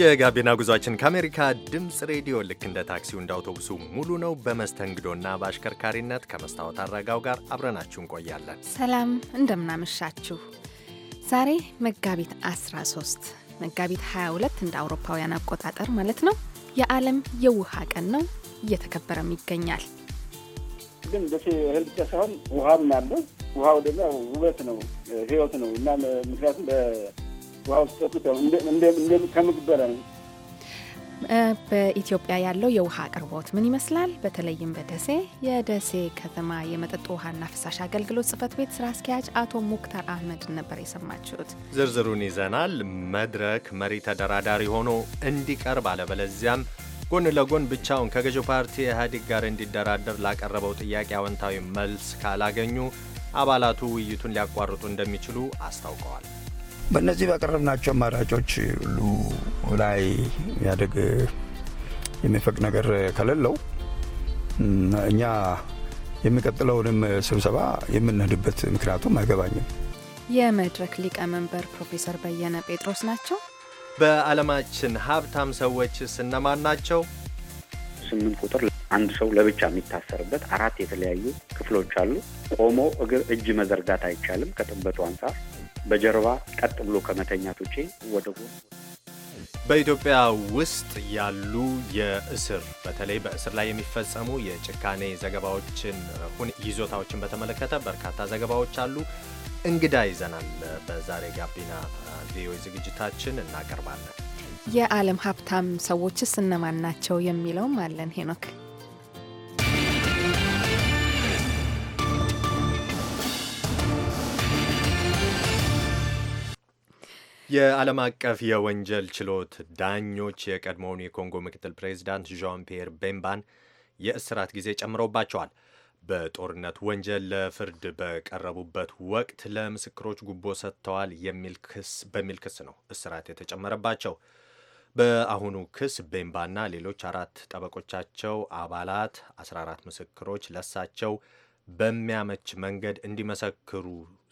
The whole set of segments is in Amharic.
የጋቢና ጉዟችን ከአሜሪካ ድምፅ ሬዲዮ ልክ እንደ ታክሲው እንደ አውቶቡሱ ሙሉ ነው። በመስተንግዶና በአሽከርካሪነት ከመስታወት አረጋው ጋር አብረናችሁ እንቆያለን። ሰላም እንደምናመሻችሁ። ዛሬ መጋቢት 13 መጋቢት 22 እንደ አውሮፓውያን አቆጣጠር ማለት ነው የዓለም የውሃ ቀን ነው፣ እየተከበረም ይገኛል። ግን ደሴ እህል ብቻ ሳይሆን ውሃም አለ። ውሃው ደግሞ ውበት ነው፣ ህይወት ነው እና ምክንያቱም ዋው ነው። በኢትዮጵያ ያለው የውሃ አቅርቦት ምን ይመስላል? በተለይም በደሴ የደሴ ከተማ የመጠጥ ውሃና ፍሳሽ አገልግሎት ጽፈት ቤት ስራ አስኪያጅ አቶ ሙክታር አህመድ ነበር የሰማችሁት። ዝርዝሩን ይዘናል። መድረክ መሪ ተደራዳሪ ሆኖ እንዲቀርብ አለበለዚያም ጎን ለጎን ብቻውን ከገዢው ፓርቲ ኢህአዴግ ጋር እንዲደራደር ላቀረበው ጥያቄ አዎንታዊ መልስ ካላገኙ አባላቱ ውይይቱን ሊያቋርጡ እንደሚችሉ አስታውቀዋል። በእነዚህ ባቀረብናቸው አማራጮች ሁሉ ላይ ኢህአዴግ የሚፈቅ ነገር ከሌለው እኛ የሚቀጥለውንም ስብሰባ የምንሄድበት ምክንያቱም አይገባኝም። የመድረክ ሊቀመንበር ፕሮፌሰር በየነ ጴጥሮስ ናቸው። በዓለማችን ሀብታም ሰዎች ስነማን ናቸው? ስምንት ቁጥር አንድ ሰው ለብቻ የሚታሰርበት አራት የተለያዩ ክፍሎች አሉ። ቆሞ እጅ መዘርጋት አይቻልም ከጥበቱ አንጻር በጀርባ ቀጥ ብሎ ከመተኛት ውጪ ወደ በኢትዮጵያ ውስጥ ያሉ የእስር በተለይ በእስር ላይ የሚፈጸሙ የጭካኔ ዘገባዎችን ይዞታዎችን በተመለከተ በርካታ ዘገባዎች አሉ። እንግዳ ይዘናል። በዛሬ ጋቢና ቪኦኤ ዝግጅታችን እናቀርባለን። የዓለም ሀብታም ሰዎችስ እነማን ናቸው የሚለውም አለን ሄኖክ የዓለም አቀፍ የወንጀል ችሎት ዳኞች የቀድሞውን የኮንጎ ምክትል ፕሬዚዳንት ዣን ፒየር ቤምባን የእስራት ጊዜ ጨምረውባቸዋል። በጦርነት ወንጀል ለፍርድ በቀረቡበት ወቅት ለምስክሮች ጉቦ ሰጥተዋል የሚል ክስ በሚል ክስ ነው እስራት የተጨመረባቸው። በአሁኑ ክስ ቤምባና ሌሎች አራት ጠበቆቻቸው አባላት 14 ምስክሮች ለሳቸው በሚያመች መንገድ እንዲመሰክሩ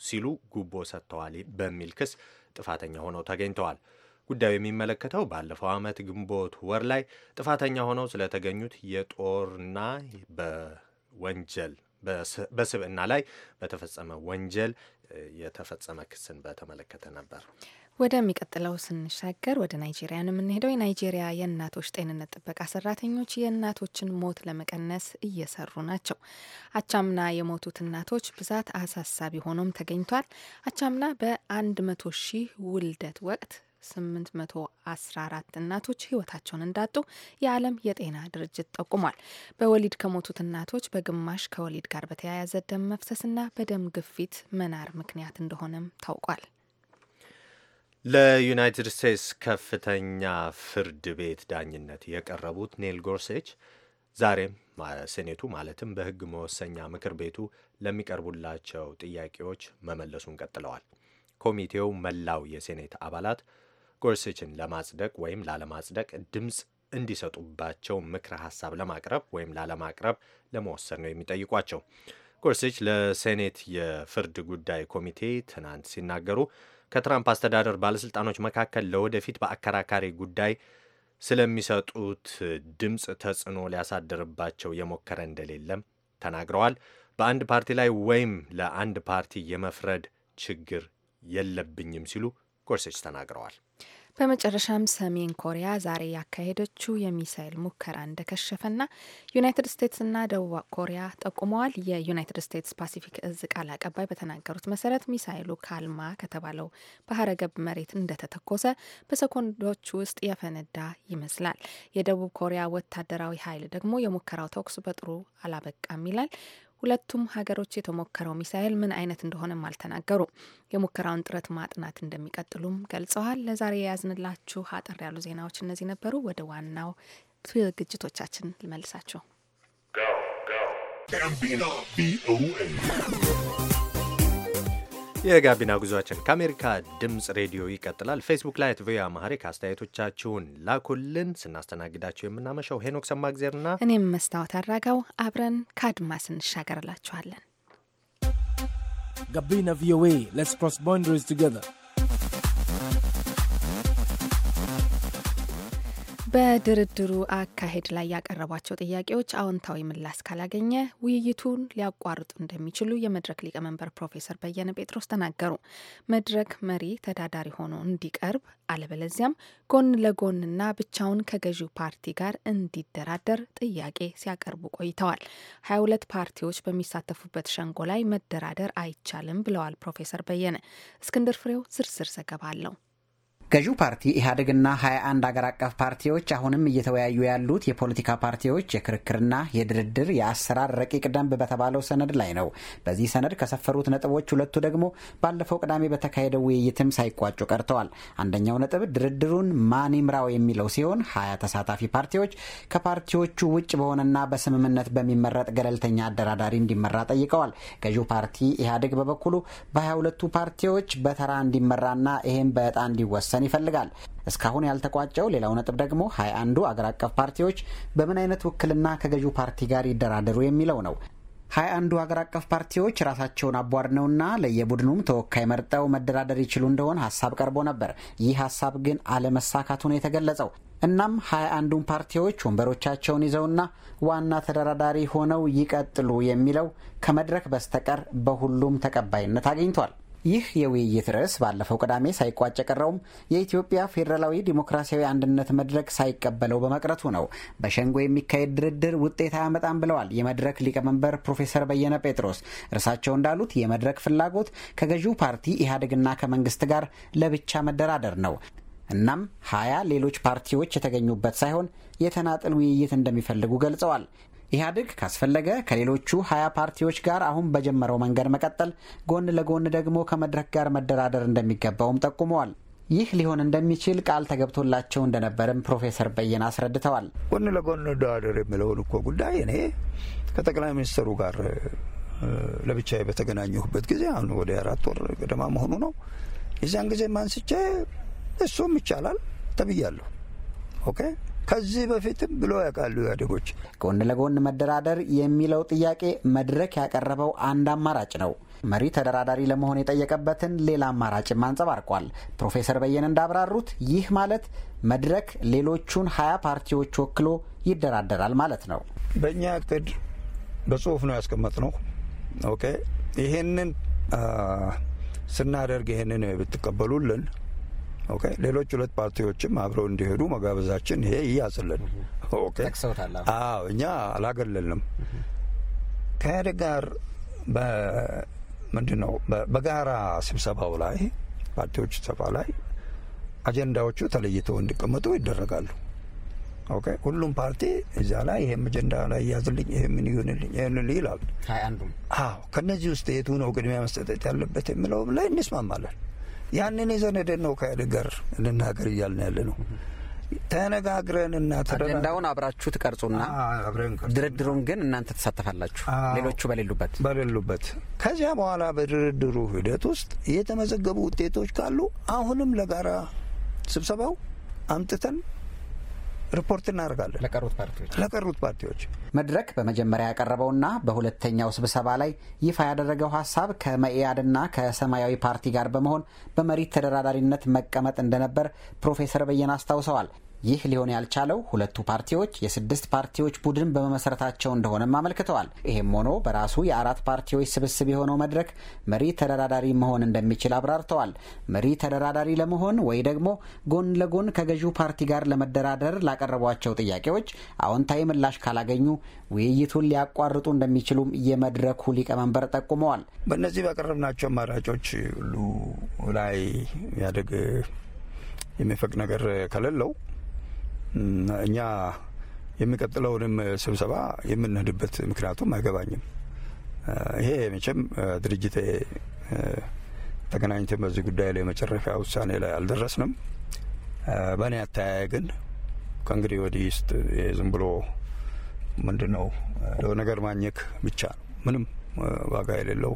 ሲሉ ጉቦ ሰጥተዋል በሚል ክስ ጥፋተኛ ሆነው ተገኝተዋል። ጉዳዩ የሚመለከተው ባለፈው ዓመት ግንቦት ወር ላይ ጥፋተኛ ሆነው ስለተገኙት የጦርና በወንጀል በስብዕና ላይ በተፈጸመ ወንጀል የተፈጸመ ክስን በተመለከተ ነበር። ወደሚቀጥለው ስንሻገር ወደ ናይጄሪያ ነው የምንሄደው። የናይጄሪያ የእናቶች ጤንነት ጥበቃ ሰራተኞች የእናቶችን ሞት ለመቀነስ እየሰሩ ናቸው። አቻምና የሞቱት እናቶች ብዛት አሳሳቢ ሆኖም ተገኝቷል። አቻምና በአንድ መቶ ሺህ ውልደት ወቅት 814 እናቶች ህይወታቸውን እንዳጡ የዓለም የጤና ድርጅት ጠቁሟል። በወሊድ ከሞቱት እናቶች በግማሽ ከወሊድ ጋር በተያያዘ ደም መፍሰስና በደም ግፊት መናር ምክንያት እንደሆነም ታውቋል። ለዩናይትድ ስቴትስ ከፍተኛ ፍርድ ቤት ዳኝነት የቀረቡት ኔል ጎርሴች ዛሬም ሴኔቱ ማለትም በሕግ መወሰኛ ምክር ቤቱ ለሚቀርቡላቸው ጥያቄዎች መመለሱን ቀጥለዋል። ኮሚቴው መላው የሴኔት አባላት ጎርሴችን ለማጽደቅ ወይም ላለማጽደቅ ድምፅ እንዲሰጡባቸው ምክረ ሀሳብ ለማቅረብ ወይም ላለማቅረብ ለመወሰን ነው የሚጠይቋቸው። ጎርሴች ለሴኔት የፍርድ ጉዳይ ኮሚቴ ትናንት ሲናገሩ ከትራምፕ አስተዳደር ባለሥልጣኖች መካከል ለወደፊት በአከራካሪ ጉዳይ ስለሚሰጡት ድምፅ ተጽዕኖ ሊያሳድርባቸው የሞከረ እንደሌለም ተናግረዋል። በአንድ ፓርቲ ላይ ወይም ለአንድ ፓርቲ የመፍረድ ችግር የለብኝም ሲሉ ጎርሴች ተናግረዋል። በመጨረሻም ሰሜን ኮሪያ ዛሬ ያካሄደችው የሚሳይል ሙከራ እንደከሸፈና ዩናይትድ ስቴትስና ደቡብ ኮሪያ ጠቁመዋል። የዩናይትድ ስቴትስ ፓሲፊክ እዝ ቃል አቀባይ በተናገሩት መሰረት ሚሳይሉ ካልማ ከተባለው ባህረ ገብ መሬት እንደተተኮሰ በሰኮንዶች ውስጥ የፈነዳ ይመስላል። የደቡብ ኮሪያ ወታደራዊ ኃይል ደግሞ የሙከራው ተኩስ በጥሩ አላበቃም ይላል። ሁለቱም ሀገሮች የተሞከረው ሚሳኤል ምን አይነት እንደሆነም አልተናገሩ። የሙከራውን ጥረት ማጥናት እንደሚቀጥሉም ገልጸዋል። ለዛሬ የያዝንላችሁ አጠር ያሉ ዜናዎች እነዚህ ነበሩ። ወደ ዋናው ዝግጅቶቻችን ልመልሳችሁ። የጋቢና ጉዟችን ከአሜሪካ ድምፅ ሬዲዮ ይቀጥላል። ፌስቡክ ላይ ቪ አማሪክ አስተያየቶቻችሁን ላኩልን። ስናስተናግዳቸው የምናመሸው ሄኖክ ሰማግዜርና እኔም መስታወት አድራጋው አብረን ከአድማስ እንሻገርላችኋለን። ጋቢና ቪኦኤ ሌትስ ክሮስ ባውንደሪስ ቱጌዘር በድርድሩ አካሄድ ላይ ያቀረቧቸው ጥያቄዎች አዎንታዊ ምላሽ ካላገኘ ውይይቱን ሊያቋርጡ እንደሚችሉ የመድረክ ሊቀመንበር ፕሮፌሰር በየነ ጴጥሮስ ተናገሩ። መድረክ መሪ ተዳዳሪ ሆኖ እንዲቀርብ አለበለዚያም ጎን ለጎንና ብቻውን ከገዢው ፓርቲ ጋር እንዲደራደር ጥያቄ ሲያቀርቡ ቆይተዋል። ሀያ ሁለት ፓርቲዎች በሚሳተፉበት ሸንጎ ላይ መደራደር አይቻልም ብለዋል ፕሮፌሰር በየነ። እስክንድር ፍሬው ዝርዝር ዘገባ አለው። ገዢው ፓርቲ ኢህአዴግና ሀያ አንድ አገር አቀፍ ፓርቲዎች አሁንም እየተወያዩ ያሉት የፖለቲካ ፓርቲዎች የክርክርና የድርድር የአሰራር ረቂቅ ደንብ በተባለው ሰነድ ላይ ነው። በዚህ ሰነድ ከሰፈሩት ነጥቦች ሁለቱ ደግሞ ባለፈው ቅዳሜ በተካሄደው ውይይትም ሳይቋጩ ቀርተዋል። አንደኛው ነጥብ ድርድሩን ማን ይምራው የሚለው ሲሆን ሀያ ተሳታፊ ፓርቲዎች ከፓርቲዎቹ ውጭ በሆነና በስምምነት በሚመረጥ ገለልተኛ አደራዳሪ እንዲመራ ጠይቀዋል። ገዢው ፓርቲ ኢህአዴግ በበኩሉ በሀያ ሁለቱ ፓርቲዎች በተራ እንዲመራና ይህም በእጣ እንዲወሰን መወሰን ይፈልጋል። እስካሁን ያልተቋጨው ሌላው ነጥብ ደግሞ ሀያ አንዱ አገር አቀፍ ፓርቲዎች በምን አይነት ውክልና ከገዢው ፓርቲ ጋር ይደራደሩ የሚለው ነው። ሀያ አንዱ አገር አቀፍ ፓርቲዎች ራሳቸውን አቧድነውና ለየቡድኑም ተወካይ መርጠው መደራደር ይችሉ እንደሆነ ሀሳብ ቀርቦ ነበር። ይህ ሀሳብ ግን አለመሳካቱ ነው የተገለጸው። እናም ሀያ አንዱን ፓርቲዎች ወንበሮቻቸውን ይዘውና ዋና ተደራዳሪ ሆነው ይቀጥሉ የሚለው ከመድረክ በስተቀር በሁሉም ተቀባይነት አግኝቷል። ይህ የውይይት ርዕስ ባለፈው ቅዳሜ ሳይቋጭ ቀረውም የኢትዮጵያ ፌዴራላዊ ዲሞክራሲያዊ አንድነት መድረክ ሳይቀበለው በመቅረቱ ነው። በሸንጎ የሚካሄድ ድርድር ውጤት አያመጣም ብለዋል የመድረክ ሊቀመንበር ፕሮፌሰር በየነ ጴጥሮስ። እርሳቸው እንዳሉት የመድረክ ፍላጎት ከገዢው ፓርቲ ኢህአዴግና ከመንግስት ጋር ለብቻ መደራደር ነው። እናም ሀያ ሌሎች ፓርቲዎች የተገኙበት ሳይሆን የተናጥል ውይይት እንደሚፈልጉ ገልጸዋል። ኢህአዴግ ካስፈለገ ከሌሎቹ ሀያ ፓርቲዎች ጋር አሁን በጀመረው መንገድ መቀጠል፣ ጎን ለጎን ደግሞ ከመድረክ ጋር መደራደር እንደሚገባውም ጠቁመዋል። ይህ ሊሆን እንደሚችል ቃል ተገብቶላቸው እንደነበርም ፕሮፌሰር በየነ አስረድተዋል። ጎን ለጎን መደራደር የሚለውን እኮ ጉዳይ እኔ ከጠቅላይ ሚኒስትሩ ጋር ለብቻዬ በተገናኘሁበት ጊዜ አሁን ወደ አራት ወር ገደማ መሆኑ ነው። የዚያን ጊዜ ማንስቼ እሱም ይቻላል ተብያለሁ። ኦኬ ከዚህ በፊትም ብሎ ያውቃሉ ኢህአዴጎች። ጎን ለጎን መደራደር የሚለው ጥያቄ መድረክ ያቀረበው አንድ አማራጭ ነው። መሪ ተደራዳሪ ለመሆን የጠየቀበትን ሌላ አማራጭም አንጸባርቋል። ፕሮፌሰር በየነ እንዳብራሩት ይህ ማለት መድረክ ሌሎቹን ሀያ ፓርቲዎች ወክሎ ይደራደራል ማለት ነው። በእኛ እቅድ በጽሁፍ ነው ያስቀመጥነው። ኦኬ ይህንን ስናደርግ ይህንን ብትቀበሉልን ሌሎች ሁለት ፓርቲዎችም አብረው እንዲሄዱ መጋበዛችን ይሄ ይያዝልን። እኛ አላገለልንም። ከኢህአዴግ ጋር ምንድን ነው በጋራ ስብሰባው ላይ ፓርቲዎች ስብሰባ ላይ አጀንዳዎቹ ተለይተው እንዲቀመጡ ይደረጋሉ። ኦኬ ሁሉም ፓርቲ እዛ ላይ ይህም አጀንዳ ላይ ያዝልኝ ይህምን ይሁንልኝ ይህንን ይላል። አዎ ከነዚህ ውስጥ የቱ ነው ቅድሚያ መስጠት ያለበት የሚለውም ላይ እንስማማለን። ያንን ይዘን ሄደን ነው ከኢህአዴግ ጋር እንናገር እያልን ያለ ነው። ተነጋግረን እና አጀንዳውን አብራችሁ ትቀርጹና ድርድሩን ግን እናንተ ትሳተፋላችሁ ሌሎቹ በሌሉበት በሌሉበት። ከዚያ በኋላ በድርድሩ ሂደት ውስጥ የተመዘገቡ ውጤቶች ካሉ አሁንም ለጋራ ስብሰባው አምጥተን ሪፖርት እናደርጋለን ለቀሩት ፓርቲዎች ለቀሩት ፓርቲዎች። መድረክ በመጀመሪያ ያቀረበውና በሁለተኛው ስብሰባ ላይ ይፋ ያደረገው ሀሳብ ከመኢአድና ከሰማያዊ ፓርቲ ጋር በመሆን በመሪት ተደራዳሪነት መቀመጥ እንደነበር ፕሮፌሰር በየን አስታውሰዋል። ይህ ሊሆን ያልቻለው ሁለቱ ፓርቲዎች የስድስት ፓርቲዎች ቡድን በመመሰረታቸው እንደሆነም አመልክተዋል። ይህም ሆኖ በራሱ የአራት ፓርቲዎች ስብስብ የሆነው መድረክ መሪ ተደራዳሪ መሆን እንደሚችል አብራርተዋል። መሪ ተደራዳሪ ለመሆን ወይ ደግሞ ጎን ለጎን ከገዢው ፓርቲ ጋር ለመደራደር ላቀረቧቸው ጥያቄዎች አዎንታዊ ምላሽ ካላገኙ ውይይቱን ሊያቋርጡ እንደሚችሉም የመድረኩ ሊቀመንበር ጠቁመዋል። በእነዚህ ባቀረብናቸው አማራጮች ሁሉ ላይ ያደግ የሚፈቅ ነገር ከሌለው እኛ የሚቀጥለውንም ስብሰባ የምንሄድበት ምክንያቱም አይገባኝም። ይሄ መቼም ድርጅቴ ተገናኝተን በዚህ ጉዳይ ላይ መጨረሻ ውሳኔ ላይ አልደረስንም። በእኔ አተያየ ግን ከእንግዲህ ወዲህ ውስጥ ዝም ብሎ ምንድን ነው ነገር ማኘክ ብቻ ነው። ምንም ዋጋ የሌለው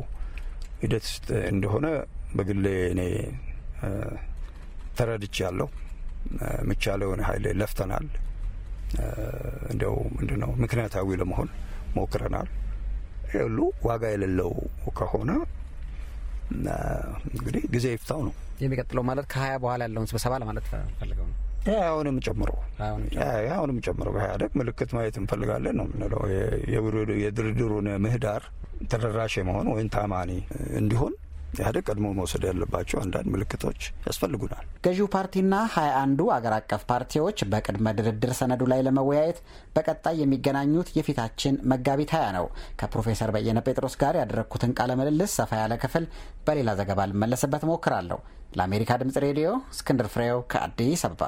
ሂደት ውስጥ እንደሆነ በግሌ እኔ ተረድቼ ምቻለውን ኃይል ለፍተናል። እንደው ምንድን ነው ምክንያታዊ ለመሆን ሞክረናል። ሁሉ ዋጋ የሌለው ከሆነ እንግዲህ ጊዜ ይፍታው ነው የሚቀጥለው። ማለት ከሀያ በኋላ ያለውን ስብሰባ ለማለት ፈልገው ነው። አሁንም ጨምሮ አሁንም ጨምሮ በኢህአዴግ ምልክት ማየት እንፈልጋለን ነው የምንለው። የድርድሩን ምህዳር ተደራሽ መሆን ወይም ታማኒ እንዲሆን ኢህአዴግ ቀድሞ መውሰድ ያለባቸው አንዳንድ ምልክቶች ያስፈልጉናል። ገዢው ፓርቲና ሀያ አንዱ አገር አቀፍ ፓርቲዎች በቅድመ ድርድር ሰነዱ ላይ ለመወያየት በቀጣይ የሚገናኙት የፊታችን መጋቢት ሀያ ነው። ከፕሮፌሰር በየነ ጴጥሮስ ጋር ያደረግኩትን ቃለ ምልልስ ሰፋ ያለ ክፍል በሌላ ዘገባ ልመለስበት ሞክራለሁ። ለአሜሪካ ድምጽ ሬዲዮ እስክንድር ፍሬው ከአዲስ አበባ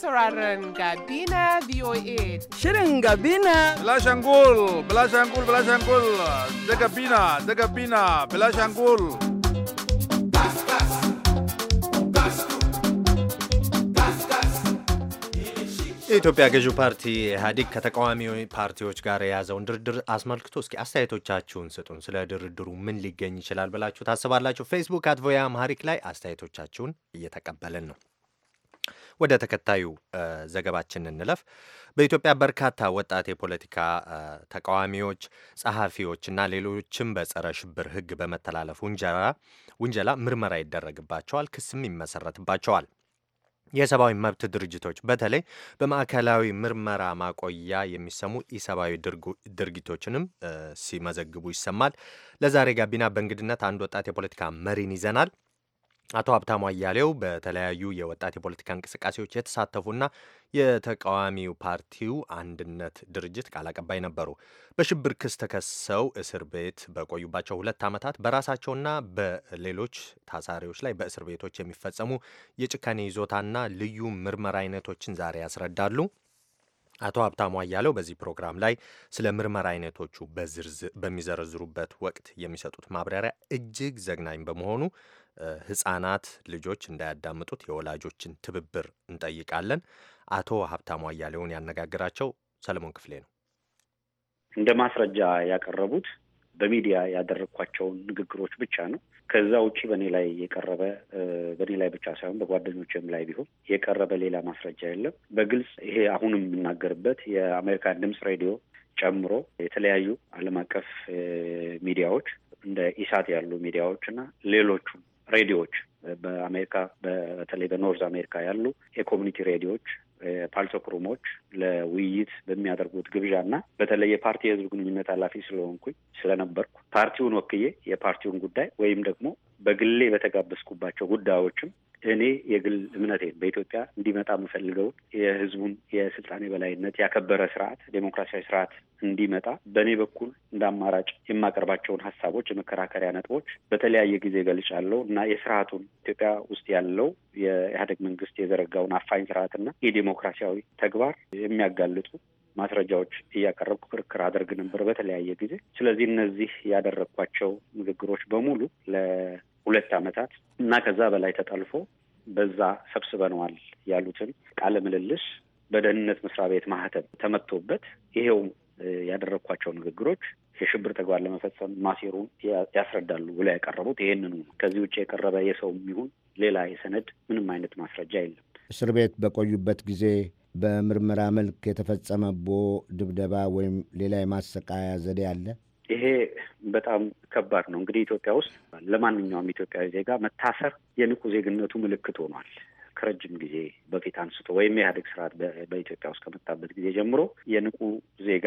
sauraron Gabina VOA. Shirin Gabina. Bilashangul, Bilashangul, Bilashangul, da Gabina, da Gabina, Bilashangul. የኢትዮጵያ ገዢው ፓርቲ ኢህአዴግ ከተቃዋሚ ፓርቲዎች ጋር የያዘውን ድርድር አስመልክቶ እስኪ አስተያየቶቻችሁን ስጡን። ስለ ድርድሩ ምን ሊገኝ ይችላል ብላችሁ ታስባላችሁ? ፌስቡክ አት ቪኦኤ አማሪክ ላይ አስተያየቶቻችሁን እየተቀበልን ነው። ወደ ተከታዩ ዘገባችን እንለፍ። በኢትዮጵያ በርካታ ወጣት የፖለቲካ ተቃዋሚዎች፣ ጸሐፊዎችና ሌሎችም በጸረ ሽብር ሕግ በመተላለፍ ውንጀላ ምርመራ ይደረግባቸዋል፣ ክስም ይመሰረትባቸዋል። የሰብአዊ መብት ድርጅቶች በተለይ በማዕከላዊ ምርመራ ማቆያ የሚሰሙ ኢሰብአዊ ድርጊቶችንም ሲመዘግቡ ይሰማል። ለዛሬ ጋቢና በእንግድነት አንድ ወጣት የፖለቲካ መሪን ይዘናል። አቶ ሀብታሙ አያሌው በተለያዩ የወጣት የፖለቲካ እንቅስቃሴዎች የተሳተፉና የተቃዋሚው ፓርቲው አንድነት ድርጅት ቃል አቀባይ ነበሩ። በሽብር ክስ ተከሰው እስር ቤት በቆዩባቸው ሁለት ዓመታት በራሳቸውና በሌሎች ታሳሪዎች ላይ በእስር ቤቶች የሚፈጸሙ የጭካኔ ይዞታና ልዩ ምርመራ አይነቶችን ዛሬ ያስረዳሉ። አቶ ሀብታሙ አያሌው በዚህ ፕሮግራም ላይ ስለ ምርመራ አይነቶቹ በዝርዝር በሚዘረዝሩበት ወቅት የሚሰጡት ማብራሪያ እጅግ ዘግናኝ በመሆኑ ህጻናት ልጆች እንዳያዳምጡት የወላጆችን ትብብር እንጠይቃለን። አቶ ሀብታሙ አያሌውን ያነጋግራቸው ሰለሞን ክፍሌ ነው። እንደ ማስረጃ ያቀረቡት በሚዲያ ያደረግኳቸውን ንግግሮች ብቻ ነው። ከዛ ውጭ በእኔ ላይ የቀረበ በእኔ ላይ ብቻ ሳይሆን በጓደኞችም ላይ ቢሆን የቀረበ ሌላ ማስረጃ የለም። በግልጽ ይሄ አሁንም የምናገርበት የአሜሪካ ድምፅ ሬዲዮ ጨምሮ የተለያዩ ዓለም አቀፍ ሚዲያዎች እንደ ኢሳት ያሉ ሚዲያዎች እና ሌሎቹም ሬዲዮዎች በአሜሪካ በተለይ በኖርዝ አሜሪካ ያሉ የኮሚኒቲ ሬዲዮዎች የፓልቶክ ሩሞች ለውይይት በሚያደርጉት ግብዣ እና በተለይ የፓርቲ የህዝብ ግንኙነት ኃላፊ ስለሆንኩኝ ስለነበርኩ ፓርቲውን ወክዬ የፓርቲውን ጉዳይ ወይም ደግሞ በግሌ በተጋበዝኩባቸው ጉዳዮችም እኔ የግል እምነቴን በኢትዮጵያ እንዲመጣ የምፈልገውን የህዝቡን የስልጣን የበላይነት ያከበረ ስርዓት፣ ዴሞክራሲያዊ ስርዓት እንዲመጣ በእኔ በኩል እንደ አማራጭ የማቀርባቸውን ሀሳቦች፣ የመከራከሪያ ነጥቦች በተለያየ ጊዜ ገልጫለሁ እና የስርዓቱን ኢትዮጵያ ውስጥ ያለው የኢህአደግ መንግስት የዘረጋውን አፋኝ ስርዓትና የዴሞክራሲያዊ ተግባር የሚያጋልጡ ማስረጃዎች እያቀረብኩ ክርክር አደርግ ነበር በተለያየ ጊዜ። ስለዚህ እነዚህ ያደረግኳቸው ንግግሮች በሙሉ ለሁለት ዓመታት እና ከዛ በላይ ተጠልፎ በዛ ሰብስበነዋል ያሉትን ቃለ ምልልስ በደህንነት መስሪያ ቤት ማህተም ተመቶበት ይሄው ያደረግኳቸው ንግግሮች የሽብር ተግባር ለመፈጸም ማሴሩን ያስረዳሉ ብለው ያቀረቡት ይህንኑ ነው። ከዚህ ውጭ የቀረበ የሰው የሚሆን ሌላ የሰነድ ምንም አይነት ማስረጃ የለም። እስር ቤት በቆዩበት ጊዜ በምርመራ መልክ የተፈጸመቦ ድብደባ ወይም ሌላ የማሰቃያ ዘዴ አለ? ይሄ በጣም ከባድ ነው። እንግዲህ ኢትዮጵያ ውስጥ ለማንኛውም ኢትዮጵያዊ ዜጋ መታሰር የንቁ ዜግነቱ ምልክት ሆኗል። ከረጅም ጊዜ በፊት አንስቶ ወይም የኢህአዴግ ስርዓት በኢትዮጵያ ውስጥ ከመጣበት ጊዜ ጀምሮ የንቁ ዜጋ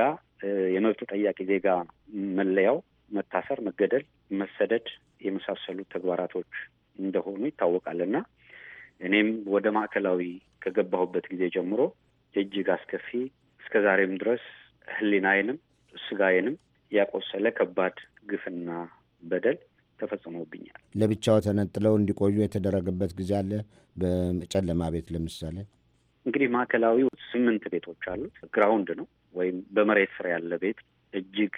የመብት ጠያቂ ዜጋ መለያው መታሰር፣ መገደል፣ መሰደድ የመሳሰሉ ተግባራቶች እንደሆኑ ይታወቃል እና እኔም ወደ ማዕከላዊ ከገባሁበት ጊዜ ጀምሮ እጅግ አስከፊ እስከ ዛሬም ድረስ ሕሊናዬንም ስጋዬንም ያቆሰለ ከባድ ግፍና በደል ተፈጽሞብኛል። ለብቻው ተነጥለው እንዲቆዩ የተደረገበት ጊዜ አለ። በጨለማ ቤት ለምሳሌ እንግዲህ ማዕከላዊ ስምንት ቤቶች አሉት። ግራውንድ ነው ወይም በመሬት ስር ያለ ቤት እጅግ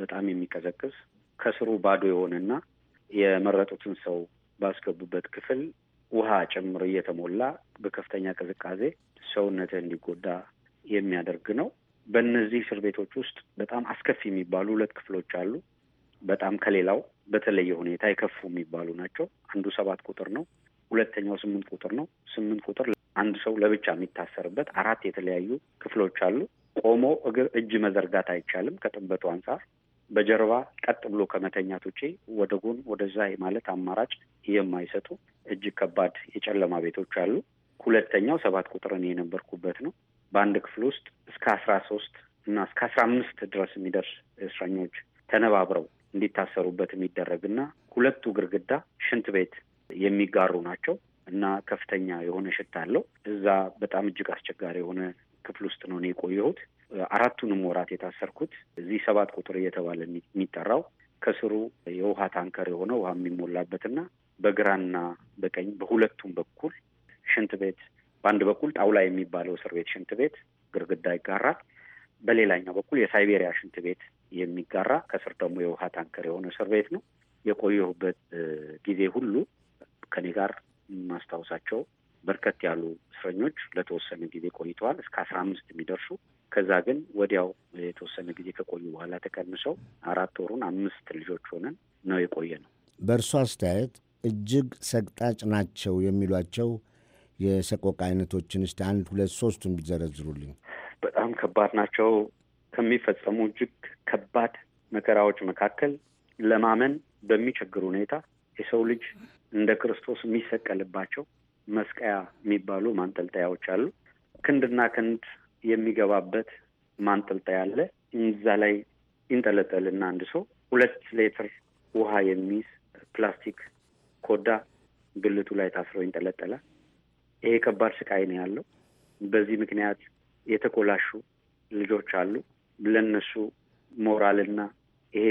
በጣም የሚቀዘቅዝ ከስሩ ባዶ የሆነና የመረጡትን ሰው ባስገቡበት ክፍል ውሃ ጭምር እየተሞላ በከፍተኛ ቅዝቃዜ ሰውነትህ እንዲጎዳ የሚያደርግ ነው። በእነዚህ እስር ቤቶች ውስጥ በጣም አስከፊ የሚባሉ ሁለት ክፍሎች አሉ። በጣም ከሌላው በተለየ ሁኔታ የከፉ የሚባሉ ናቸው። አንዱ ሰባት ቁጥር ነው። ሁለተኛው ስምንት ቁጥር ነው። ስምንት ቁጥር አንድ ሰው ለብቻ የሚታሰርበት አራት የተለያዩ ክፍሎች አሉ። ቆሞ እግር እጅ መዘርጋት አይቻልም ከጥበቱ አንጻር። በጀርባ ቀጥ ብሎ ከመተኛት ውጪ ወደ ጎን ወደዛ ማለት አማራጭ የማይሰጡ እጅግ ከባድ የጨለማ ቤቶች አሉ። ሁለተኛው ሰባት ቁጥር እኔ የነበርኩበት ነው። በአንድ ክፍል ውስጥ እስከ አስራ ሶስት እና እስከ አስራ አምስት ድረስ የሚደርስ እስረኞች ተነባብረው እንዲታሰሩበት የሚደረግና ሁለቱ ግርግዳ ሽንት ቤት የሚጋሩ ናቸው እና ከፍተኛ የሆነ ሽታ አለው። እዛ በጣም እጅግ አስቸጋሪ የሆነ ክፍል ውስጥ ነው እኔ የቆየሁት። አራቱንም ወራት የታሰርኩት እዚህ ሰባት ቁጥር እየተባለ የሚጠራው ከስሩ የውሃ ታንከር የሆነ ውሃ የሚሞላበትና በግራና በቀኝ በሁለቱም በኩል ሽንት ቤት በአንድ በኩል ጣውላ የሚባለው እስር ቤት ሽንት ቤት ግርግዳ ይጋራል። በሌላኛው በኩል የሳይቤሪያ ሽንት ቤት የሚጋራ ከስር ደግሞ የውሃ ታንከር የሆነ እስር ቤት ነው። የቆየሁበት ጊዜ ሁሉ ከኔ ጋር የማስታውሳቸው በርከት ያሉ እስረኞች ለተወሰነ ጊዜ ቆይተዋል። እስከ አስራ አምስት የሚደርሱ ከዛ ግን ወዲያው የተወሰነ ጊዜ ከቆዩ በኋላ ተቀንሰው አራት ወሩን አምስት ልጆች ሆነን ነው የቆየ ነው። በእርሱ አስተያየት እጅግ ሰቅጣጭ ናቸው የሚሏቸው የሰቆቃ አይነቶችን እስቲ አንድ ሁለት ሶስቱን ቢዘረዝሩልኝ። በጣም ከባድ ናቸው። ከሚፈጸሙ እጅግ ከባድ መከራዎች መካከል ለማመን በሚቸግር ሁኔታ የሰው ልጅ እንደ ክርስቶስ የሚሰቀልባቸው መስቀያ የሚባሉ ማንጠልጠያዎች አሉ። ክንድና ክንድ የሚገባበት ማንጠልጠያ አለ። እዛ ላይ ይንጠለጠልና አንድ ሰው ሁለት ሌትር ውሃ የሚይዝ ፕላስቲክ ኮዳ ብልቱ ላይ ታስሮ ይንጠለጠላል። ይሄ ከባድ ስቃይ ነው ያለው። በዚህ ምክንያት የተኮላሹ ልጆች አሉ። ለነሱ ሞራልና ይሄ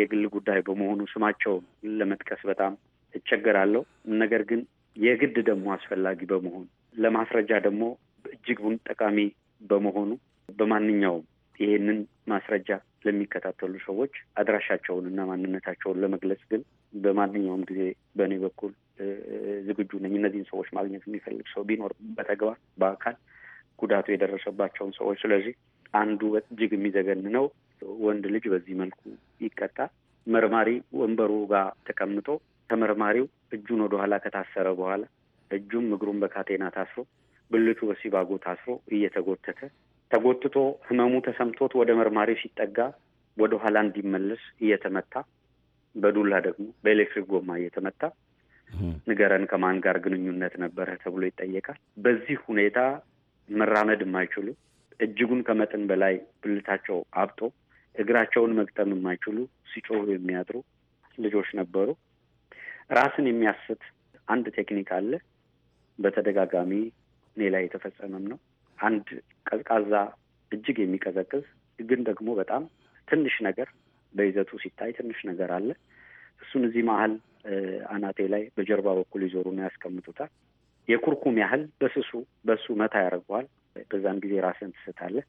የግል ጉዳይ በመሆኑ ስማቸውን ለመጥቀስ በጣም እቸገራለሁ። ነገር ግን የግድ ደግሞ አስፈላጊ በመሆኑ ለማስረጃ ደግሞ እጅግ ጠቃሚ በመሆኑ በማንኛውም ይሄንን ማስረጃ ለሚከታተሉ ሰዎች አድራሻቸውን እና ማንነታቸውን ለመግለጽ ግን በማንኛውም ጊዜ በእኔ በኩል ዝግጁ ነኝ። እነዚህን ሰዎች ማግኘት የሚፈልግ ሰው ቢኖር በተግባር በአካል ጉዳቱ የደረሰባቸውን ሰዎች። ስለዚህ አንዱ እጅግ የሚዘገን ነው፣ ወንድ ልጅ በዚህ መልኩ ይቀጣል። መርማሪ ወንበሩ ጋር ተቀምጦ ተመርማሪው እጁን ወደኋላ ከታሰረ በኋላ እጁም እግሩም በካቴና ታስሮ ብልቱ በሲባጎ ታስሮ እየተጎተተ ተጎትቶ ህመሙ ተሰምቶት ወደ መርማሪ ሲጠጋ ወደ ኋላ እንዲመለስ እየተመታ በዱላ ደግሞ በኤሌክትሪክ ጎማ እየተመታ ንገረን ከማን ጋር ግንኙነት ነበረ ተብሎ ይጠየቃል። በዚህ ሁኔታ መራመድ የማይችሉ እጅጉን ከመጠን በላይ ብልታቸው አብጦ እግራቸውን መግጠም የማይችሉ ሲጮሁ የሚያድሩ ልጆች ነበሩ። ራስን የሚያስት አንድ ቴክኒክ አለ። በተደጋጋሚ እኔ ላይ የተፈጸመም ነው። አንድ ቀዝቃዛ እጅግ የሚቀዘቅዝ ግን ደግሞ በጣም ትንሽ ነገር በይዘቱ ሲታይ ትንሽ ነገር አለ። እሱን እዚህ መሀል አናቴ ላይ በጀርባ በኩል ይዞሩና ያስቀምጡታል። የኩርኩም ያህል በስሱ በሱ መታ ያደርገዋል። በዛን ጊዜ ራስህን ትስታለህ።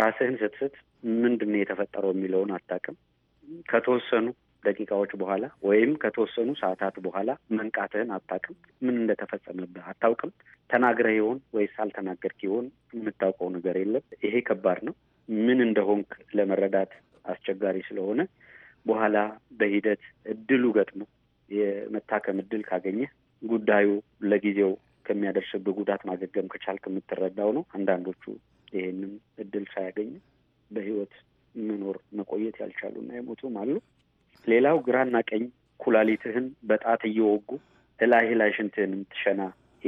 ራስህን ስትስት ምንድን ነው የተፈጠረው የሚለውን አታውቅም። ከተወሰኑ ደቂቃዎች በኋላ ወይም ከተወሰኑ ሰዓታት በኋላ መንቃትህን አታውቅም። ምን እንደተፈጸመብህ አታውቅም። ተናግረህ ይሆን ወይስ አልተናገርክ ይሆን የምታውቀው ነገር የለም። ይሄ ከባድ ነው። ምን እንደሆንክ ለመረዳት አስቸጋሪ ስለሆነ በኋላ በሂደት እድሉ ገጥሞ የመታከም እድል ካገኘ ጉዳዩ ለጊዜው ከሚያደርስብህ ጉዳት ማገገም ከቻልክ የምትረዳው ነው። አንዳንዶቹ ይሄንን እድል ሳያገኙ በህይወት መኖር መቆየት ያልቻሉና የሞቱም አሉ። ሌላው ግራና ቀኝ ኩላሊትህን በጣት እየወጉ እላይ ላይ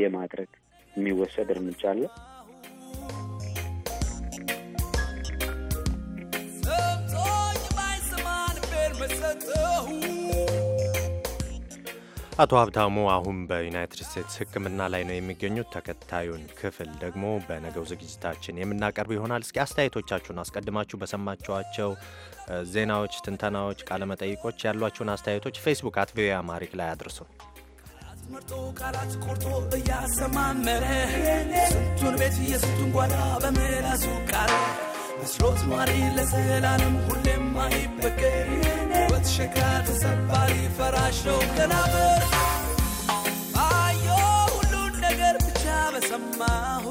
የማድረግ የሚወሰድ እርምጃ አለ። ሰምቶኝ ፌር አቶ ሀብታሙ አሁን በዩናይትድ ስቴትስ ሕክምና ላይ ነው የሚገኙት። ተከታዩን ክፍል ደግሞ በነገው ዝግጅታችን የምናቀርብ ይሆናል። እስኪ አስተያየቶቻችሁን አስቀድማችሁ በሰማችኋቸው ዜናዎች፣ ትንተናዎች፣ ቃለመጠይቆች ያሏችሁን አስተያየቶች ፌስቡክ አት ቪኦኤ አማሪክ ላይ አድርሱ። ምርጦ ቃላት ቆርጦ እያሰማመረ ስንቱን ቤት የስንቱን ጓዳ በምላሱ ቃል መስሎት ማሪ ለዘላለም ሁሌም አይበገር ሸክላ ተሰባሪ ፈራሽ ነው ገናበር አየሁ ሁሉን ነገር ብቻ በሰማሁ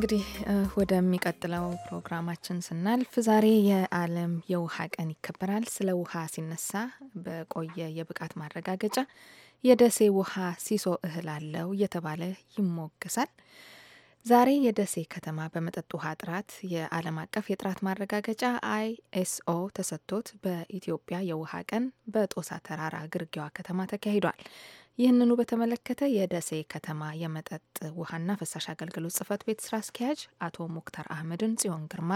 እንግዲህ ወደሚቀጥለው ፕሮግራማችን ስናልፍ ዛሬ የዓለም የውሃ ቀን ይከበራል። ስለ ውሃ ሲነሳ በቆየ የብቃት ማረጋገጫ የደሴ ውሃ ሲሶ እህል አለው እየተባለ ይሞገሳል። ዛሬ የደሴ ከተማ በመጠጥ ውሃ ጥራት የዓለም አቀፍ የጥራት ማረጋገጫ አይኤስኦ ተሰጥቶት በኢትዮጵያ የውሃ ቀን በጦሳ ተራራ ግርጌዋ ከተማ ተካሂዷል። ይህንኑ በተመለከተ የደሴ ከተማ የመጠጥ ውሃና ፍሳሽ አገልግሎት ጽህፈት ቤት ስራ አስኪያጅ አቶ ሙክታር አህመድን ጽዮን ግርማ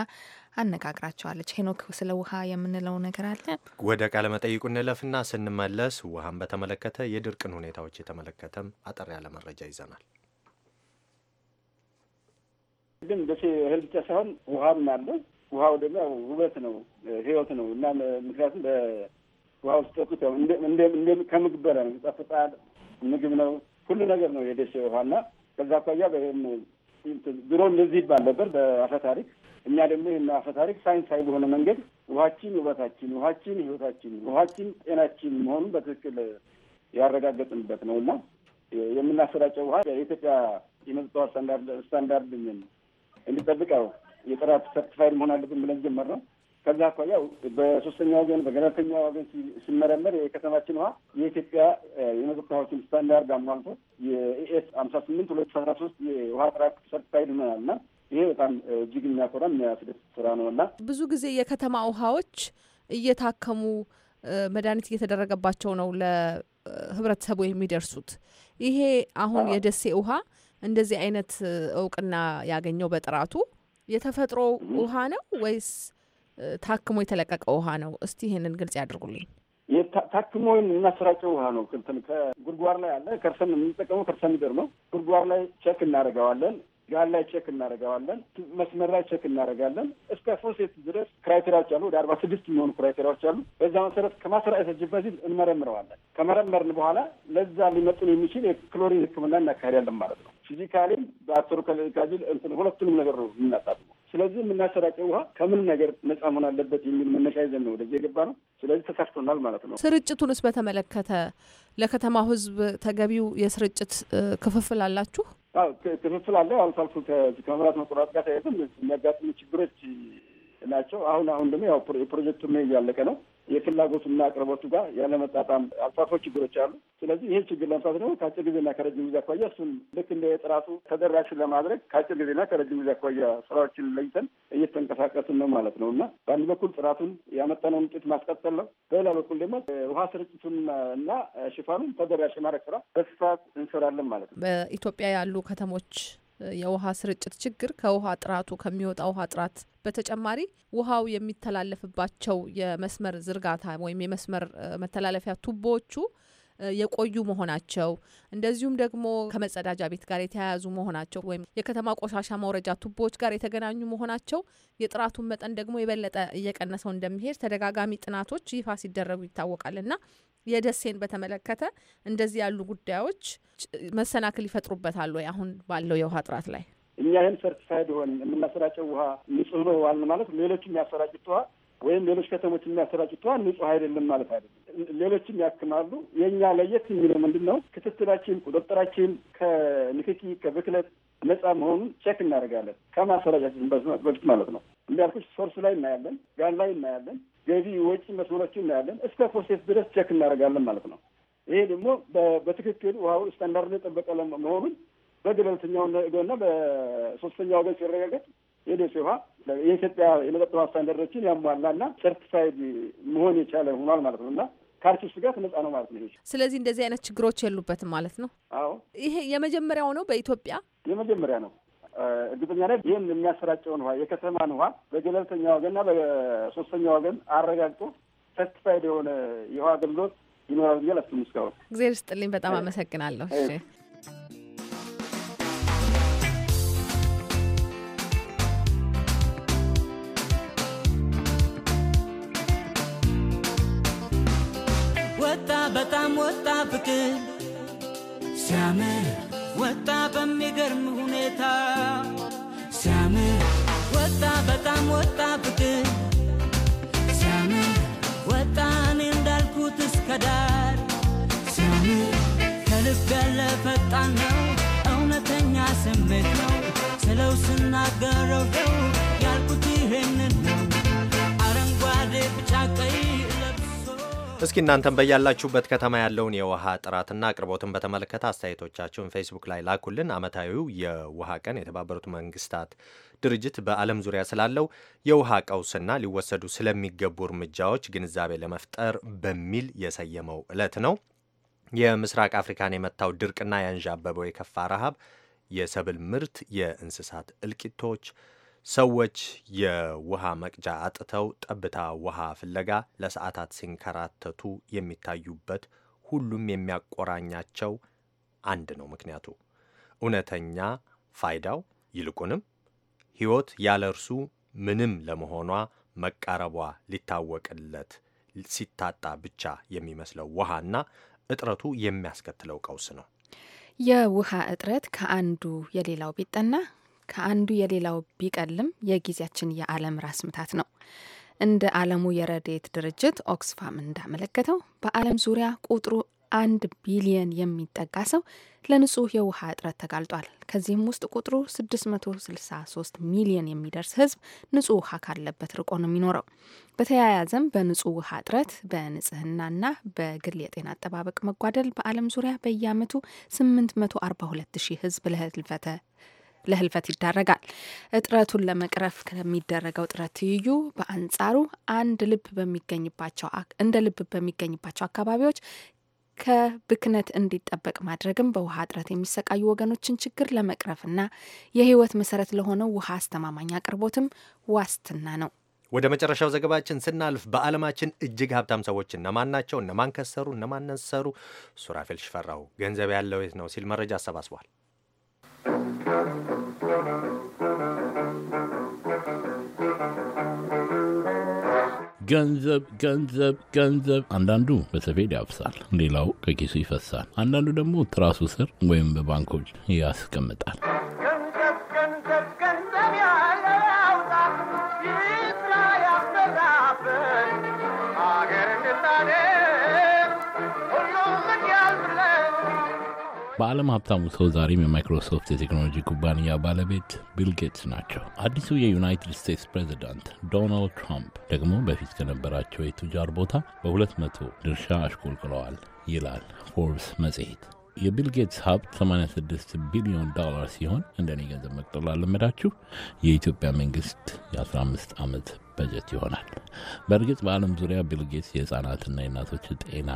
አነጋግራቸዋለች። ሄኖክ፣ ስለ ውሃ የምንለው ነገር አለ። ወደ ቃለ መጠይቁ እንለፍና ስንመለስ ውሃን በተመለከተ የድርቅን ሁኔታዎች የተመለከተም አጠር ያለ መረጃ ይዘናል። ግን ደሴ እህል ብቻ ሳይሆን ውሃም አለ። ውሃው ደግሞ ውበት ነው፣ ህይወት ነው እና ምክንያቱም በውሃ ውስጥ ጠቁት ከምግብ በላይ ነው ይጣፍጣል። ምግብ ነው፣ ሁሉ ነገር ነው የደሴ ውሃና ከዛ አኳያ ድሮ እንደዚህ ይባል ነበር በአፈ ታሪክ። እኛ ደግሞ ይህን አፈ ታሪክ ሳይንሳዊ በሆነ መንገድ ውሃችን ውበታችን፣ ውሃችን ህይወታችን፣ ውሃችን ጤናችን መሆኑን በትክክል ያረጋገጥንበት ነው እና የምናሰራጨው ውሃ የኢትዮጵያ የመጠጥ ውሃ ስታንዳርድ እንዲጠብቀው የጥራት ሰርቲፋይድ መሆን አለብን ብለን ጀመር ነው። ከዛ አኳያ በሶስተኛ ወገን በገለልተኛ ወገን ሲመረመር የከተማችን ውሃ የኢትዮጵያ የመጠጥ ውሃዎችን ስታንዳርድ አሟልቶ የኤኤስ አምሳ ስምንት ሁለት ሺህ አስራ ሶስት የውሃ ጥራት ሰርቲፋይድ ሆነናል እና ይሄ በጣም እጅግ የሚያኮራ የሚያስደስት ስራ ነው እና ብዙ ጊዜ የከተማ ውሃዎች እየታከሙ መድኃኒት እየተደረገባቸው ነው ለህብረተሰቡ የሚደርሱት። ይሄ አሁን የደሴ ውሃ እንደዚህ አይነት እውቅና ያገኘው በጥራቱ የተፈጥሮ ውሃ ነው ወይስ ታክሞ የተለቀቀ ውሃ ነው። እስቲ ይህንን ግልጽ ያድርጉልኝ። ታክሞ የምናሰራጨው ውሃ ነው። እንትን ከጉድጓድ ላይ አለ። ከርሰ የምንጠቀመው ከርሰ ምድር ነው። ጉድጓድ ላይ ቸክ እናደርገዋለን። ጋር ላይ ቸክ እናደርገዋለን። መስመር ላይ ቸክ እናደርጋለን። እስከ ፎሴት ድረስ ክራይቴሪያዎች አሉ። ወደ አርባ ስድስት የሚሆኑ ክራይቴሪያዎች አሉ። በዛ መሰረት ከማሰራጨት በፊት እንመረምረዋለን። ከመረመርን በኋላ ለዛ ሊመጥን የሚችል የክሎሪን ሕክምና እናካሄዳለን ማለት ነው። ፊዚካሊም ፊዚካሊ እንትን ሁለቱንም ነገር ነው የምናጣጥመው። ስለዚህ የምናሰራጨው ውሃ ከምንም ነገር ነጻ መሆን አለበት የሚል መነሻ ይዘን ነው ወደዚህ የገባ ነው። ስለዚህ ተሳክቶናል ማለት ነው። ስርጭቱንስ በተመለከተ ለከተማው ህዝብ ተገቢው የስርጭት ክፍፍል አላችሁ? ክፍፍል አለ። አልፎ አልፎ ከመብራት መቆራረጥ ጋር ተያይዘን የሚያጋጥሙ ችግሮች ናቸው። አሁን አሁን ደግሞ ያው የፕሮጀክቱ እያለቀ ነው የፍላጎቱና አቅርቦቱ ጋር ያለመጣጣም አልፎ አልፎ ችግሮች አሉ። ስለዚህ ይህን ችግር ለመፍታት ደግሞ ከአጭር ጊዜና ከረጅም ጊዜ አኳያ እሱን ልክ እንደ የጥራቱ ተደራሽን ለማድረግ ከአጭር ጊዜና ከረጅም ጊዜ አኳያ ስራዎችን ለይተን እየተንቀሳቀስን ነው ማለት ነው እና በአንድ በኩል ጥራቱን ያመጣነውን ውጤት ማስቀጠል ነው። በሌላ በኩል ደግሞ ውሃ ስርጭቱን እና ሽፋኑን ተደራሽ የማድረግ ስራ በስፋት እንሰራለን ማለት ነው። በኢትዮጵያ ያሉ ከተሞች የውሃ ስርጭት ችግር ከውሃ ጥራቱ ከሚወጣ ውሃ ጥራት በተጨማሪ ውሃው የሚተላለፍባቸው የመስመር ዝርጋታ ወይም የመስመር መተላለፊያ ቱቦዎቹ የቆዩ መሆናቸው እንደዚሁም ደግሞ ከመጸዳጃ ቤት ጋር የተያያዙ መሆናቸው ወይም የከተማ ቆሻሻ መውረጃ ቱቦዎች ጋር የተገናኙ መሆናቸው የጥራቱን መጠን ደግሞ የበለጠ እየቀነሰው እንደሚሄድ ተደጋጋሚ ጥናቶች ይፋ ሲደረጉ ይታወቃልና የደሴን በተመለከተ እንደዚህ ያሉ ጉዳዮች መሰናክል ይፈጥሩበታል ወይ አሁን ባለው የውሃ ጥራት ላይ? እኛ ይህን ሰርቲፋይድ ሆን የምናሰራጨው ውሃ ንጹህ ነው ዋልን ማለት ሌሎች የሚያሰራጭት ውሃ ወይም ሌሎች ከተሞች የሚያሰራጩት ውሃ ንጹህ አይደለም ማለት አይደለም። ሌሎችም ያክማሉ። የእኛ ለየት የሚለው ምንድን ነው? ክትትላችን፣ ቁጥጥራችን ከንክኪ ከብክለት ነጻ መሆኑን ቼክ እናደርጋለን። ከማሰራጫችን በፊት ማለት ነው። እንዳልኩሽ ሶርስ ላይ እናያለን፣ ጋን ላይ እናያለን፣ ገቢ ወጪ መስመሮች እናያለን። እስከ ፕሮሴስ ድረስ ቼክ እናደርጋለን ማለት ነው። ይሄ ደግሞ በትክክል ውሃው ስታንዳርድ የጠበቀ መሆኑን በገለልተኛው እና በሶስተኛ ወገን ሲረጋገጥ የደሴ ውሃ የኢትዮጵያ የመጠጥ ውሃ ስታንዳርዶችን ያሟላና ሰርቲፋይድ መሆን የቻለ ሆኗል ማለት ነው እና ከአርቲስት ጋር ነጻ ነው ማለት ነው። ስለዚህ እንደዚህ አይነት ችግሮች የሉበትም ማለት ነው። አዎ ይሄ የመጀመሪያው ነው በኢትዮጵያ የመጀመሪያ ነው። እርግጠኛ ላይ ይህን የሚያሰራጨውን ውሃ የከተማን ውሃ በገለልተኛ ወገንና በሶስተኛ ወገን አረጋግጦ ሰርቲፋይድ የሆነ የውሃ አገልግሎት ይኖራል ብዬ አላስብም እስካሁን። እግዜር ስጥልኝ፣ በጣም አመሰግናለሁ። በጣም ወጣ ብቅል ሲያምር ወጣ በሚገርም ሁኔታ ሲያምር ወጣ በጣም ወጣ ብቅል ሲያምር ወጣ እኔ እንዳልኩት እስከ ዳር ሲያምር ከልብ ያለ ፈጣን ነው እውነተኛ ስሜት ነው ስለው ስናገረው ደው እስኪ እናንተም በያላችሁበት ከተማ ያለውን የውሃ ጥራትና አቅርቦትን በተመለከተ አስተያየቶቻችሁን ፌስቡክ ላይ ላኩልን። ዓመታዊው የውሃ ቀን የተባበሩት መንግስታት ድርጅት በዓለም ዙሪያ ስላለው የውሃ ቀውስና ሊወሰዱ ስለሚገቡ እርምጃዎች ግንዛቤ ለመፍጠር በሚል የሰየመው ዕለት ነው። የምስራቅ አፍሪካን የመታው ድርቅና ያንዣበበው የከፋ ረሃብ፣ የሰብል ምርት፣ የእንስሳት እልቂቶች ሰዎች የውሃ መቅጃ አጥተው ጠብታ ውሃ ፍለጋ ለሰዓታት ሲንከራተቱ የሚታዩበት ሁሉም የሚያቆራኛቸው አንድ ነው ምክንያቱ እውነተኛ ፋይዳው ይልቁንም ሕይወት ያለ እርሱ ምንም ለመሆኗ መቃረቧ ሊታወቅለት ሲታጣ ብቻ የሚመስለው ውሃና እጥረቱ የሚያስከትለው ቀውስ ነው። የውሃ እጥረት ከአንዱ የሌላው ቢጠና ከአንዱ የሌላው ቢቀልም የጊዜያችን የዓለም ራስ ምታት ነው። እንደ ዓለሙ የረድኤት ድርጅት ኦክስፋም እንዳመለከተው በዓለም ዙሪያ ቁጥሩ አንድ ቢሊየን የሚጠጋ ሰው ለንጹህ የውሃ እጥረት ተጋልጧል። ከዚህም ውስጥ ቁጥሩ 663 ሚሊየን የሚደርስ ህዝብ ንጹህ ውሃ ካለበት ርቆ ነው የሚኖረው። በተያያዘም በንጹህ ውሃ እጥረት፣ በንጽህናና በግል የጤና አጠባበቅ መጓደል በዓለም ዙሪያ በየአመቱ 842 ሺህ ሕዝብ ለህልፈተ ለህልፈት ይዳረጋል። እጥረቱን ለመቅረፍ ከሚደረገው ጥረት ትይዩ በአንጻሩ አንድ ልብ በሚገኝባቸው እንደ ልብ በሚገኝባቸው አካባቢዎች ከብክነት እንዲጠበቅ ማድረግም በውሃ እጥረት የሚሰቃዩ ወገኖችን ችግር ለመቅረፍና የህይወት መሰረት ለሆነው ውሃ አስተማማኝ አቅርቦትም ዋስትና ነው። ወደ መጨረሻው ዘገባችን ስናልፍ በዓለማችን እጅግ ሀብታም ሰዎች እነማን ናቸው? እነማን ከሰሩ? እነማን ነሰሩ? ሱራፌል ሽፈራው ገንዘብ ያለው የት ነው ሲል መረጃ አሰባስቧል። ገንዘብ ገንዘብ ገንዘብ። አንዳንዱ በሰፌድ ያብሳል፣ ሌላው ከኪሱ ይፈሳል። አንዳንዱ ደግሞ ትራሱ ስር ወይም በባንኮች ያስቀምጣል። በዓለም ሀብታሙ ሰው ዛሬም የማይክሮሶፍት የቴክኖሎጂ ኩባንያ ባለቤት ቢል ጌትስ ናቸው። አዲሱ የዩናይትድ ስቴትስ ፕሬዚዳንት ዶናልድ ትራምፕ ደግሞ በፊት ከነበራቸው የቱጃር ቦታ በሁለት መቶ ድርሻ አሽቆልቅለዋል ይላል ፎርብስ መጽሔት። የቢል ጌትስ ሀብት 86 ቢሊዮን ዶላር ሲሆን እንደኔ ገንዘብ መቅጠሉ አለመዳችሁ የኢትዮጵያ መንግስት የ15 ዓመት በጀት ይሆናል። በእርግጥ በዓለም ዙሪያ ቢል ጌትስ የህፃናትና የእናቶች ጤና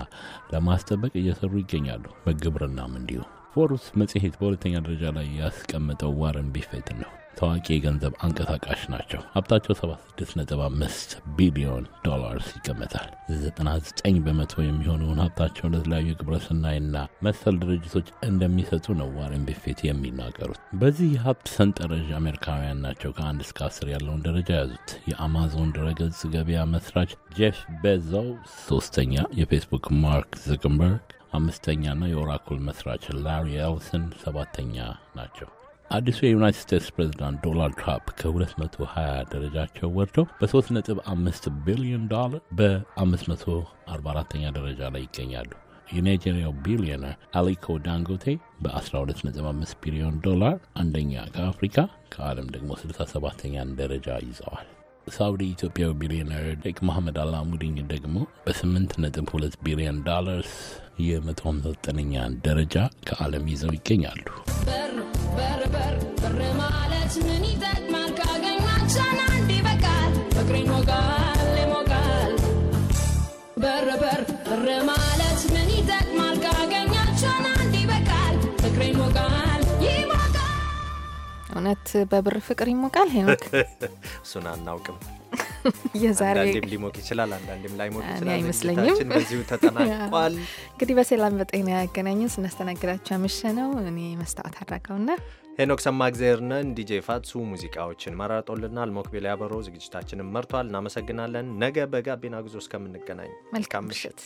ለማስጠበቅ እየሰሩ ይገኛሉ። በግብርናም እንዲሁ ፎርስ መጽሔት በሁለተኛ ደረጃ ላይ ያስቀመጠው ዋረን ቢፌት ነው። ታዋቂ የገንዘብ አንቀሳቃሽ ናቸው። ሀብታቸው 765 ቢሊዮን ዶላርስ ይገመታል። 99 በመቶ የሚሆነውን ሀብታቸውን ለተለያዩ ግብረሰናይና መሰል ድርጅቶች እንደሚሰጡ ነው ዋረን ቢፌት የሚናገሩት። በዚህ የሀብት ሰንጠረዥ አሜሪካውያን ናቸው ከአንድ እስከ አስር ያለውን ደረጃ ያዙት። የአማዞን ድረገጽ ገበያ መስራች ጄፍ ቤዞው ሶስተኛ፣ የፌስቡክ ማርክ ዙከርበርግ አምስተኛና የኦራኩል መስራች ላሪ ኤልሰን ሰባተኛ ናቸው። አዲሱ የዩናይትድ ስቴትስ ፕሬዚዳንት ዶናልድ ትራምፕ ከ220 ደረጃቸው ወርደው በ3.5 ቢሊዮን ዶላር በ544ኛ ደረጃ ላይ ይገኛሉ። የናይጄሪያው ቢሊዮነር አሊኮ ዳንጎቴ በ12.5 ቢሊዮን ዶላር አንደኛ ከአፍሪካ ከዓለም ደግሞ 67ኛን ደረጃ ይዘዋል። ሳውዲ ኢትዮጵያዊ ቢሊዮነር ሼክ መሐመድ አላሙዲን ደግሞ በ8.2 ቢሊዮን ዶላርስ የ159ኛን ደረጃ ከዓለም ይዘው ይገኛሉ። በርበር ብር ማለት ምን ይጠቅማል? ካገኛችን አንድ ይበቃል። ፍቅር ይሞቃል ይሞቃል። ማለት ምን ይጠቅማል? ካገኛችን አንድ ይበቃል። ፍቅር ይሞቃል ይሞቃል። እውነት በብር ፍቅር ይሞቃል? ሄኖክ እሱን አናውቅም። አንዳንዴም ሊሞቅ ይችላል፣ አንዳንዴም ላይሞቅ ይችላል። አይመስለኝም። በዚሁ ተጠናቋል። እንግዲህ በሰላም በጤና ያገናኘን ስናስተናግዳቸው አምሽ ነው። እኔ መስታወት አድረገውና ሄኖክ እግዚአብሔርነን ዲጄ ፋትሱ ሙዚቃዎችን መራጦልናል። ሞክቤል ያበሮ ዝግጅታችንን መርቷል። እናመሰግናለን። ነገ በጋቢና ጉዞ እስከምንገናኝ መልካም ምሽት።